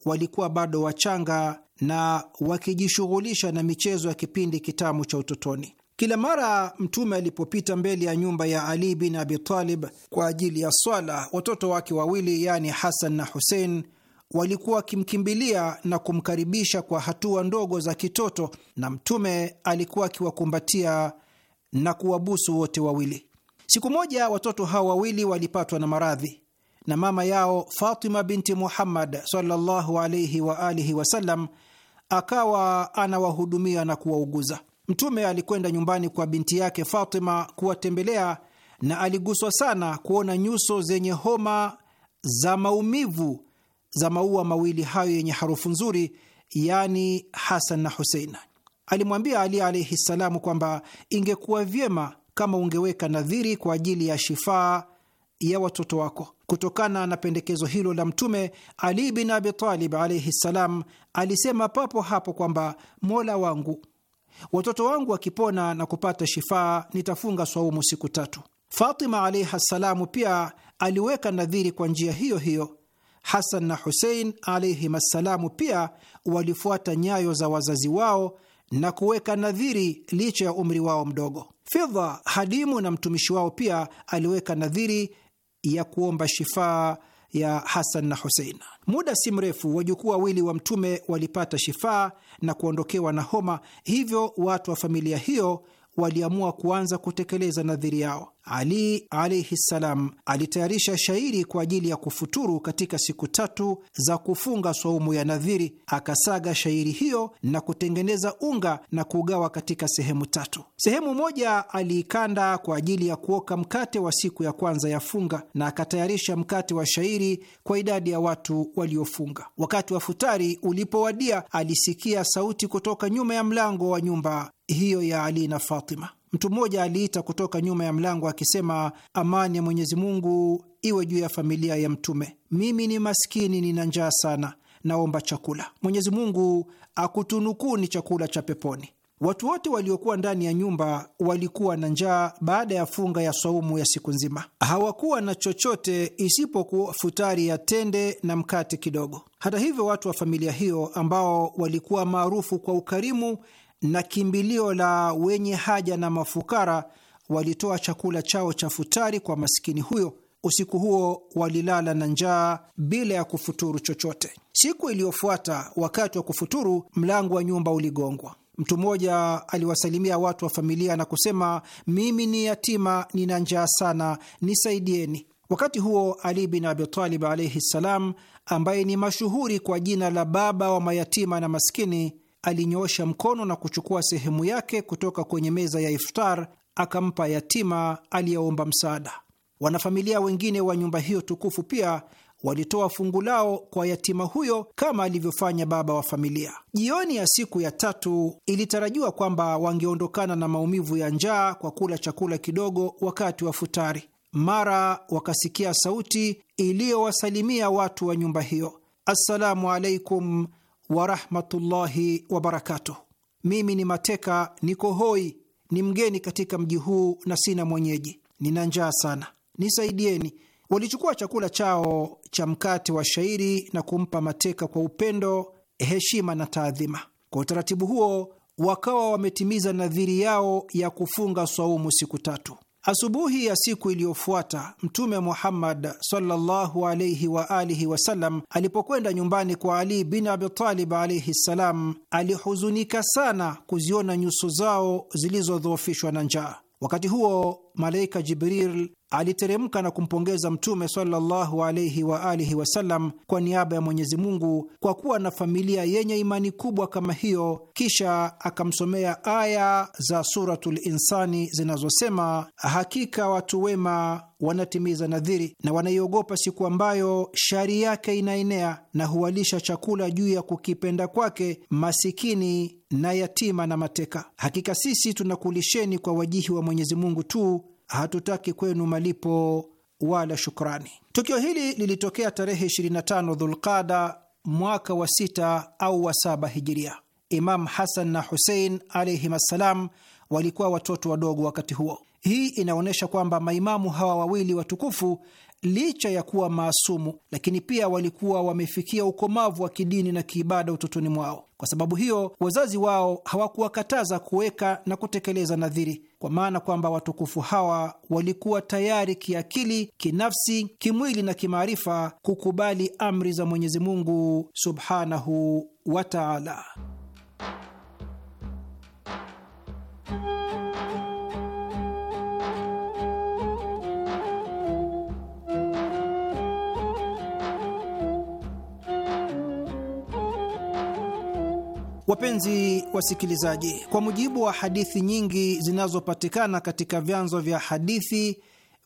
walikuwa bado wachanga na wakijishughulisha na michezo ya kipindi kitamu cha utotoni. Kila mara Mtume alipopita mbele ya nyumba ya Ali bin Abi Talib kwa ajili ya swala, watoto wake wawili, yaani Hasan na Husein, walikuwa wakimkimbilia na kumkaribisha kwa hatua ndogo za kitoto, na Mtume alikuwa akiwakumbatia na kuwabusu wote wawili. Siku moja watoto hao wawili walipatwa na maradhi, na mama yao Fatima binti Muhammad sallallahu wa alihi wasallam akawa anawahudumia na kuwauguza. Mtume alikwenda nyumbani kwa binti yake Fatima kuwatembelea, na aliguswa sana kuona nyuso zenye homa za maumivu za maua mawili hayo yenye harufu nzuri, yani Hasan na Huseina alimwambia Ali alaihi ssalamu kwamba ingekuwa vyema kama ungeweka nadhiri kwa ajili ya shifaa ya watoto wako. Kutokana na pendekezo hilo la Mtume, Ali bin Abi Talib alaihi ssalam alisema papo hapo kwamba mola wangu, watoto wangu wakipona na kupata shifaa, nitafunga swaumu siku tatu. Fatima alaihi ssalamu pia aliweka nadhiri kwa njia hiyo hiyo. Hasan na Husein alaihim assalamu pia walifuata nyayo za wazazi wao na kuweka nadhiri licha ya umri wao mdogo. Fidha, hadimu na mtumishi wao, pia aliweka nadhiri ya kuomba shifaa ya Hasan na Husein. Muda si mrefu, wajukuu wawili wa Mtume walipata shifaa na kuondokewa na homa, hivyo watu wa familia hiyo waliamua kuanza kutekeleza nadhiri yao. Ali alaihi ssalam alitayarisha shairi kwa ajili ya kufuturu katika siku tatu za kufunga swaumu ya nadhiri. Akasaga shairi hiyo na kutengeneza unga na kugawa katika sehemu tatu. Sehemu moja aliikanda kwa ajili ya kuoka mkate wa siku ya kwanza ya funga, na akatayarisha mkate wa shairi kwa idadi ya watu waliofunga. Wakati wa futari ulipowadia, alisikia sauti kutoka nyuma ya mlango wa nyumba hiyo ya Ali na Fatima. Mtu mmoja aliita kutoka nyuma ya mlango akisema, amani ya Mwenyezi Mungu iwe juu ya familia ya Mtume, mimi ni maskini, nina njaa sana, naomba chakula. Mwenyezi Mungu akutunukuni chakula cha peponi. Watu wote waliokuwa ndani ya nyumba walikuwa na njaa baada ya funga ya saumu ya siku nzima. Hawakuwa na chochote isipokuwa futari ya tende na mkate kidogo. Hata hivyo, watu wa familia hiyo ambao walikuwa maarufu kwa ukarimu na kimbilio la wenye haja na mafukara, walitoa chakula chao cha futari kwa masikini huyo. Usiku huo walilala na njaa bila ya kufuturu chochote. Siku iliyofuata, wakati wa kufuturu, mlango wa nyumba uligongwa. Mtu mmoja aliwasalimia watu wa familia na kusema, mimi ni yatima, nina njaa sana, nisaidieni. Wakati huo Ali bin Abitalib alaihi ssalam, ambaye ni mashuhuri kwa jina la baba wa mayatima na maskini, alinyoosha mkono na kuchukua sehemu yake kutoka kwenye meza ya iftar akampa yatima aliyeomba msaada. Wanafamilia wengine wa nyumba hiyo tukufu pia walitoa fungu lao kwa yatima huyo kama alivyofanya baba wa familia. Jioni ya siku ya tatu ilitarajiwa kwamba wangeondokana na maumivu ya njaa kwa kula chakula kidogo wakati wa futari. Mara wakasikia sauti iliyowasalimia watu wa nyumba hiyo, assalamu alaikum warahmatullahi wabarakatuh. Mimi ni mateka, niko hoi, ni mgeni katika mji huu na sina mwenyeji, nina njaa sana, nisaidieni. Walichukua chakula chao cha mkate wa shairi na kumpa mateka kwa upendo, heshima na taadhima. Kwa utaratibu huo, wakawa wametimiza nadhiri yao ya kufunga swaumu siku tatu. Asubuhi ya siku iliyofuata Mtume Muhammad sallallahu alaihi wa alihi wasallam alipokwenda nyumbani kwa Ali bin Abitalib alaihi ssalam, alihuzunika sana kuziona nyuso zao zilizodhoofishwa na njaa. Wakati huo malaika Jibril aliteremka na kumpongeza Mtume sallallahu alaihi wa alihi wasallam kwa niaba ya Mwenyezi Mungu kwa kuwa na familia yenye imani kubwa kama hiyo, kisha akamsomea aya za Suratul Insani zinazosema, hakika watu wema wanatimiza nadhiri na wanaiogopa siku ambayo shari yake inaenea, na huwalisha chakula juu ya kukipenda kwake masikini na yatima na mateka. Hakika sisi tunakulisheni kwa wajihi wa Mwenyezi Mungu tu hatutaki kwenu malipo wala shukrani. Tukio hili lilitokea tarehe 25 Dhulqada mwaka wa sita au wa saba hijiria. Imam Hasan na Husein alaihim assalam walikuwa watoto wadogo wakati huo. Hii inaonyesha kwamba maimamu hawa wawili watukufu licha ya kuwa maasumu, lakini pia walikuwa wamefikia ukomavu wa kidini na kiibada utotoni mwao. Kwa sababu hiyo, wazazi wao hawakuwakataza kuweka na kutekeleza nadhiri, kwa maana kwamba watukufu hawa walikuwa tayari kiakili, kinafsi, kimwili na kimaarifa kukubali amri za Mwenyezi Mungu subhanahu wa taala. Wapenzi wasikilizaji, kwa mujibu wa hadithi nyingi zinazopatikana katika vyanzo vya hadithi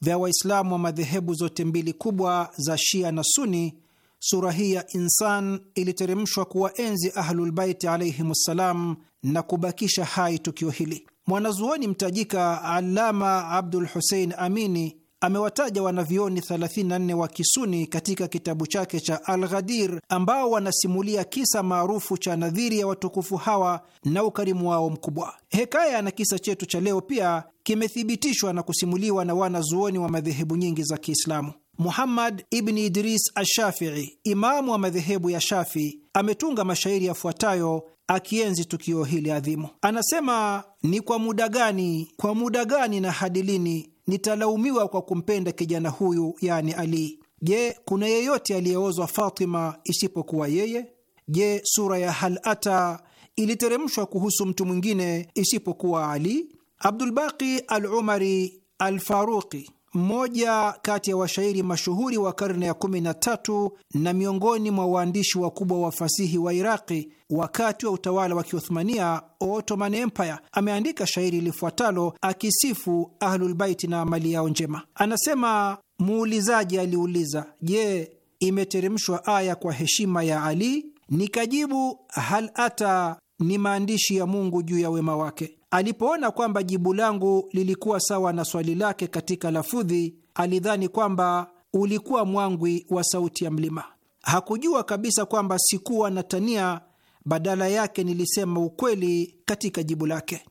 vya Waislamu wa madhehebu zote mbili kubwa za Shia na Suni, sura hii ya Insan iliteremshwa kuwaenzi Ahlulbaiti ssalam na kubakisha hai tukio hili. Mwanazuoni mtajika alama Abdul Husein Amini amewataja wanavyoni 34 wa Kisuni katika kitabu chake cha Al Ghadir, ambao wanasimulia kisa maarufu cha nadhiri ya watukufu hawa na ukarimu wao mkubwa. Hekaya na kisa chetu cha leo pia kimethibitishwa na kusimuliwa na wanazuoni wa madhehebu nyingi za Kiislamu. Muhammad ibni Idris Ashafii, imamu wa madhehebu ya shafi ametunga mashairi yafuatayo akienzi tukio hili adhimu. Anasema: ni kwa muda gani, kwa muda gani na hadi lini nitalaumiwa kwa kumpenda kijana huyu, yani Ali. Je, kuna yeyote aliyeozwa Fatima isipokuwa yeye? Je, sura ya hal ata iliteremshwa kuhusu mtu mwingine isipokuwa Ali? Abdulbaqi al Umari Alfaruqi mmoja kati ya washairi mashuhuri wa karne ya 13 na miongoni mwa waandishi wakubwa wa fasihi wa Iraqi wakati wa utawala wa Kiothmania, Ottoman Empire, ameandika shairi lifuatalo akisifu Ahlulbaiti na amali yao njema. Anasema, muulizaji aliuliza, je, imeteremshwa aya kwa heshima ya Ali? Nikajibu, hal ata, ni maandishi ya Mungu juu ya wema wake Alipoona kwamba jibu langu lilikuwa sawa na swali lake katika lafudhi, alidhani kwamba ulikuwa mwangwi wa sauti ya mlima. Hakujua kabisa kwamba sikuwa na tania, badala yake nilisema ukweli katika jibu lake.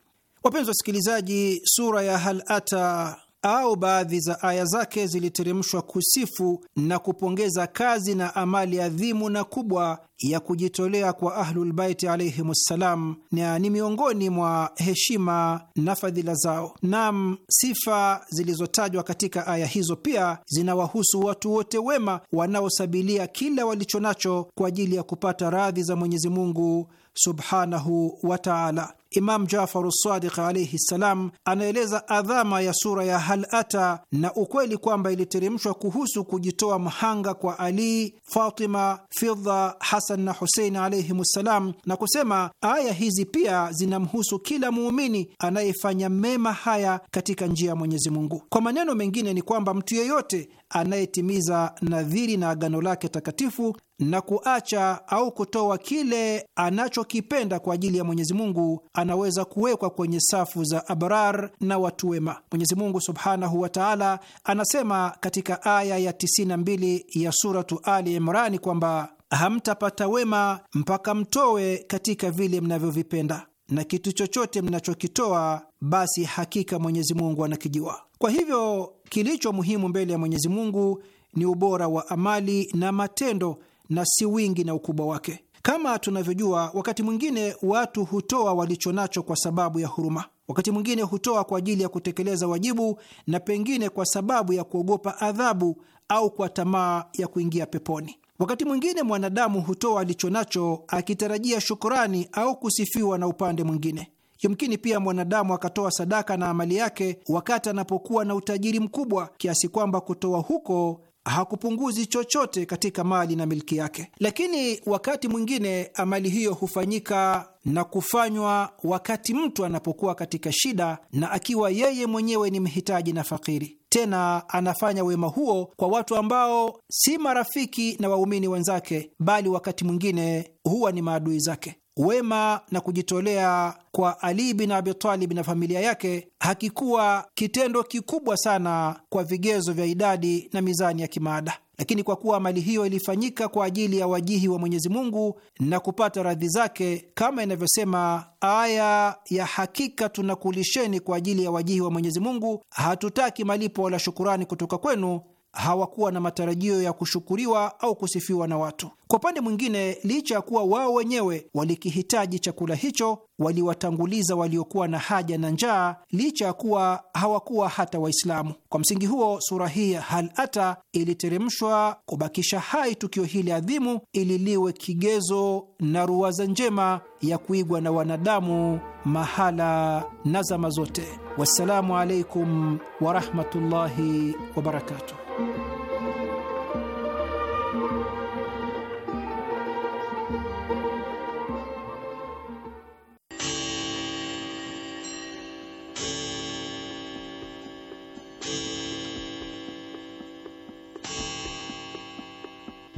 Wapenzi wasikilizaji, sura ya Hal ata au baadhi za aya zake ziliteremshwa kusifu na kupongeza kazi na amali adhimu na kubwa ya kujitolea kwa Ahlulbaiti alaihim ssalam, na ni miongoni mwa heshima na fadhila zao. Nam, sifa zilizotajwa katika aya hizo pia zinawahusu watu wote wema wanaosabilia kila walicho nacho kwa ajili ya kupata radhi za Mwenyezi Mungu subhanahu wa taala. Imam Jafaru Sadiq alaihi ssalam anaeleza adhama ya sura ya Hal Ata na ukweli kwamba iliteremshwa kuhusu kujitoa mhanga kwa Ali, Fatima, Fidha, Hasan na Husein alaihim ssalam, na kusema aya hizi pia zinamhusu kila muumini anayefanya mema haya katika njia ya Mwenyezi Mungu. Kwa maneno mengine, ni kwamba mtu yeyote anayetimiza nadhiri na agano lake takatifu na kuacha au kutoa kile anachokipenda kwa ajili ya Mwenyezi Mungu anaweza kuwekwa kwenye safu za abrar na watu wema. Mwenyezi Mungu subhanahu wa taala anasema katika aya ya 92 ya Suratu Ali Imrani kwamba hamtapata wema mpaka mtowe katika vile mnavyovipenda na kitu chochote mnachokitoa basi hakika Mwenyezi Mungu anakijua. Kwa hivyo kilicho muhimu mbele ya Mwenyezi Mungu ni ubora wa amali na matendo na si wingi na ukubwa wake. Kama tunavyojua, wakati mwingine watu hutoa walichonacho kwa sababu ya huruma, wakati mwingine hutoa kwa ajili ya kutekeleza wajibu, na pengine kwa sababu ya kuogopa adhabu au kwa tamaa ya kuingia peponi. Wakati mwingine mwanadamu hutoa nacho akitarajia shukurani au kusifiwa na upande mwingine. Yumkini pia mwanadamu akatoa sadaka na amali yake wakati anapokuwa na utajiri mkubwa kiasi kwamba kutoa huko hakupunguzi chochote katika mali na milki yake. Lakini wakati mwingine amali hiyo hufanyika na kufanywa wakati mtu anapokuwa katika shida na akiwa yeye mwenyewe ni mhitaji na fakiri. Tena anafanya wema huo kwa watu ambao si marafiki na waumini wenzake, bali wakati mwingine huwa ni maadui zake wema na kujitolea kwa Ali bin Abi Talib na familia yake hakikuwa kitendo kikubwa sana kwa vigezo vya idadi na mizani ya kimaada, lakini kwa kuwa mali hiyo ilifanyika kwa ajili ya wajihi wa Mwenyezi Mungu na kupata radhi zake, kama inavyosema aya ya hakika tunakulisheni kwa ajili ya wajihi wa Mwenyezi Mungu, hatutaki malipo wala shukurani kutoka kwenu hawakuwa na matarajio ya kushukuriwa au kusifiwa na watu. Kwa upande mwingine, licha ya kuwa wao wenyewe walikihitaji chakula hicho, waliwatanguliza waliokuwa na haja na njaa, licha ya kuwa hawakuwa hata Waislamu. Kwa msingi huo, sura hii Hal Ata iliteremshwa kubakisha hai tukio hili adhimu ili liwe kigezo na ruwaza njema ya kuigwa na wanadamu mahala na zama zote. Wassalamu alaikum warahmatullahi wabarakatuh.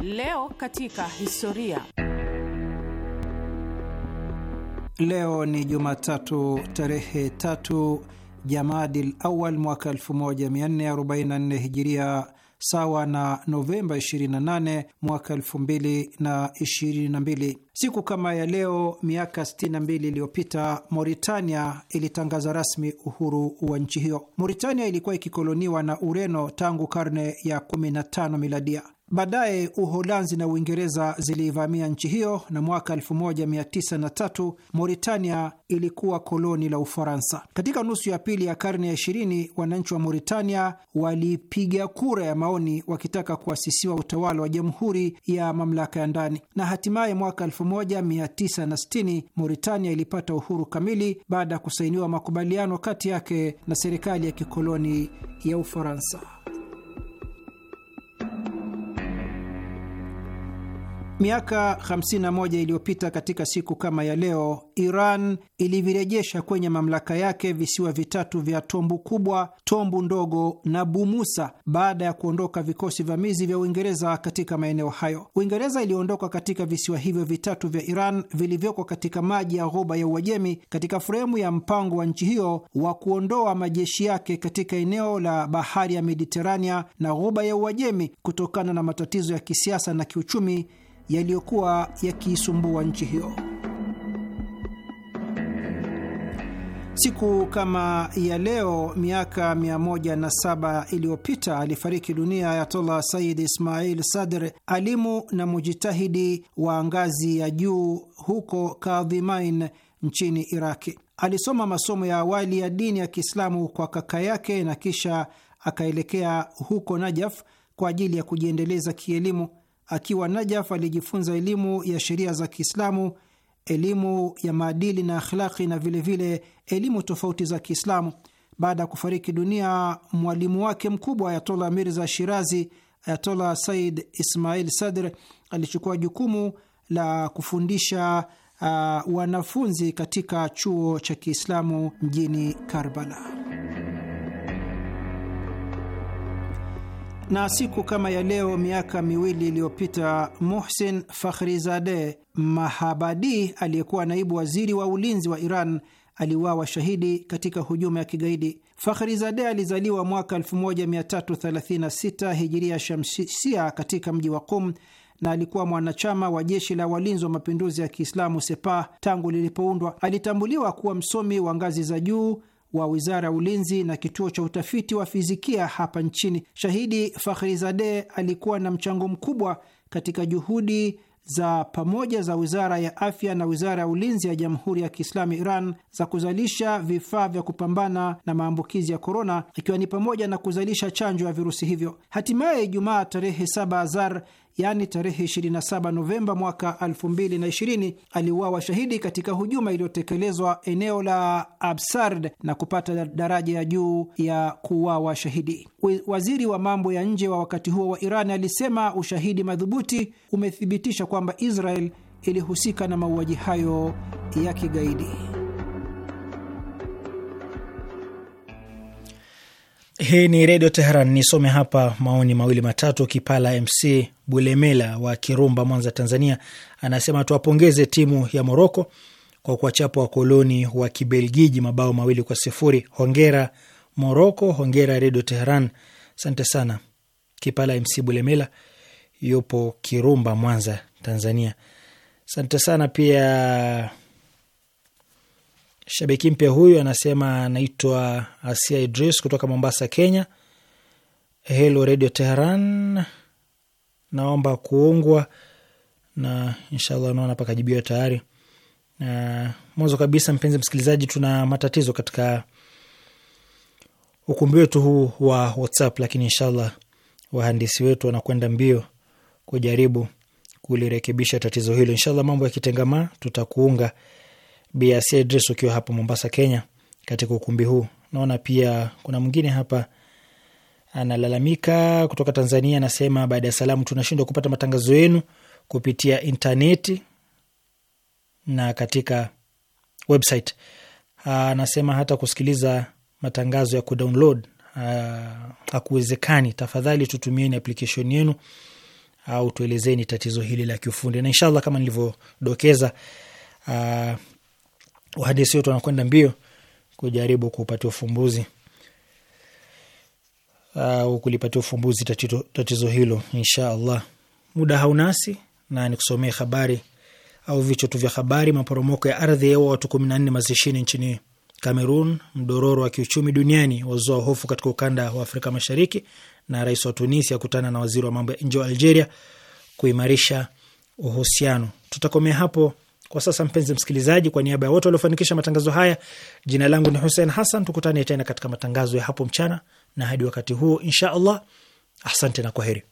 Leo katika historia. Leo ni Jumatatu tarehe tatu Jamadil Awal mwaka 1444 Hijiria, sawa na Novemba 28 mwaka 2022. Siku kama ya leo miaka 62 iliyopita Mauritania ilitangaza rasmi uhuru wa nchi hiyo. Mauritania ilikuwa ikikoloniwa na Ureno tangu karne ya 15 miladia. Baadaye Uholanzi na Uingereza ziliivamia nchi hiyo na mwaka 1903 Mauritania ilikuwa koloni la Ufaransa. Katika nusu ya pili ya karne ya 20 wananchi wa Mauritania walipiga kura ya maoni wakitaka kuasisiwa utawala wa jamhuri ya mamlaka ya ndani, na hatimaye mwaka 1960 Mauritania ilipata uhuru kamili baada ya kusainiwa makubaliano kati yake na serikali ya kikoloni ya Ufaransa. Miaka 51 iliyopita katika siku kama ya leo, Iran ilivirejesha kwenye mamlaka yake visiwa vitatu vya Tombu Kubwa, Tombu Ndogo na Bumusa baada ya kuondoka vikosi vamizi vya Uingereza katika maeneo hayo. Uingereza iliondoka katika visiwa hivyo vitatu vya Iran vilivyoko katika maji ya Ghuba ya Uajemi katika fremu ya mpango wa nchi hiyo wa kuondoa majeshi yake katika eneo la bahari ya Mediterania na Ghuba ya Uajemi kutokana na matatizo ya kisiasa na kiuchumi yaliyokuwa yakiisumbua nchi hiyo. Siku kama ya leo miaka 107 iliyopita alifariki dunia Ayatollah Said Ismail Sadr, alimu na mujitahidi wa ngazi ya juu huko Kadhimain nchini Iraki. Alisoma masomo ya awali ya dini ya Kiislamu kwa kaka yake na kisha akaelekea huko Najaf kwa ajili ya kujiendeleza kielimu. Akiwa Najaf alijifunza elimu ya sheria za Kiislamu, elimu ya maadili na akhlaki na vilevile vile elimu tofauti za Kiislamu. Baada ya kufariki dunia mwalimu wake mkubwa Ayatola Mirza Shirazi, Ayatola Said Ismail Sadr alichukua jukumu la kufundisha uh, wanafunzi katika chuo cha Kiislamu mjini Karbala. na siku kama ya leo miaka miwili iliyopita Muhsin Fakhrizadeh Mahabadi aliyekuwa naibu waziri wa ulinzi wa Iran aliuawa shahidi katika hujuma ya kigaidi. Fakhrizade alizaliwa mwaka 1336 hijiria shamsia katika mji wa Qum na alikuwa mwanachama wa jeshi la walinzi wa mapinduzi ya Kiislamu Sepah tangu lilipoundwa. Alitambuliwa kuwa msomi wa ngazi za juu wa wizara ya ulinzi na kituo cha utafiti wa fizikia hapa nchini. Shahidi zade alikuwa na mchango mkubwa katika juhudi za pamoja za wizara ya afya na wizara ya ulinzi ya Jamhuri ya Kiislamu Iran za kuzalisha vifaa vya kupambana na maambukizi ya korona, ikiwa ni pamoja na kuzalisha chanjo ya virusi hivyo. Hatimaye Ijumaa tarehe 7 Azar yaani tarehe 27 Novemba mwaka 2020 aliuawa shahidi katika hujuma iliyotekelezwa eneo la Absard na kupata daraja ya juu ya kuuawa shahidi. Waziri wa mambo ya nje wa wakati huo wa Iran alisema ushahidi madhubuti umethibitisha kwamba Israel ilihusika na mauaji hayo ya kigaidi. Hii ni Redio Teheran. Nisome hapa maoni mawili matatu. Kipala MC Bulemela wa Kirumba, Mwanza, Tanzania, anasema tuwapongeze timu ya Moroko kwa kuwachapa wakoloni wa Kibelgiji mabao mawili kwa sifuri. Hongera Moroko, hongera Redio Teheran. Asante sana Kipala MC Bulemela, yupo Kirumba, Mwanza, Tanzania. Asante sana pia Shabiki mpya huyu anasema anaitwa Asia Idris kutoka Mombasa, Kenya. Helo Redio Teheran, naomba kuungwa na inshallah. Naona pakajibiwa tayari. Na mwanzo kabisa, mpenzi msikilizaji, tuna matatizo katika ukumbi wetu huu wa WhatsApp, lakini inshallah wahandisi wetu wanakwenda mbio kujaribu kulirekebisha tatizo hilo. Inshallah mambo yakitengamaa, tutakuunga BRC Idris ukiwa hapo Mombasa, Kenya, katika ukumbi huu. Naona pia kuna mwingine hapa analalamika kutoka Tanzania, anasema baada ya salamu, tunashindwa kupata matangazo yenu kupitia intaneti na katika website. Ah, anasema hata kusikiliza matangazo ya kudownload ah, hakuwezekani. Tafadhali tutumieni aplikeshon yenu au tuelezeni tatizo hili la kiufundi, na inshallah kama nilivyodokeza ah, Wahadisi wetu wanakwenda mbio kujaribu kupatia ufumbuzi au kulipatia ufumbuzi tatizo, tatizo hilo insha Allah. Muda haunasi na nikusomee habari au vichwa tu vya habari. Maporomoko ya ardhi yaua watu kumi na nne mazishini nchini Kamerun. Mdororo wa kiuchumi duniani wazua hofu katika ukanda wa Afrika Mashariki. Na rais wa Tunisia akutana na waziri wa mambo ya nje wa Algeria kuimarisha uhusiano. Tutakomea hapo kwa sasa, mpenzi msikilizaji, kwa niaba ya wote waliofanikisha matangazo haya, jina langu ni Hussein Hassan. Tukutane tena katika matangazo ya hapo mchana, na hadi wakati huo, insha Allah, asante na kwaheri.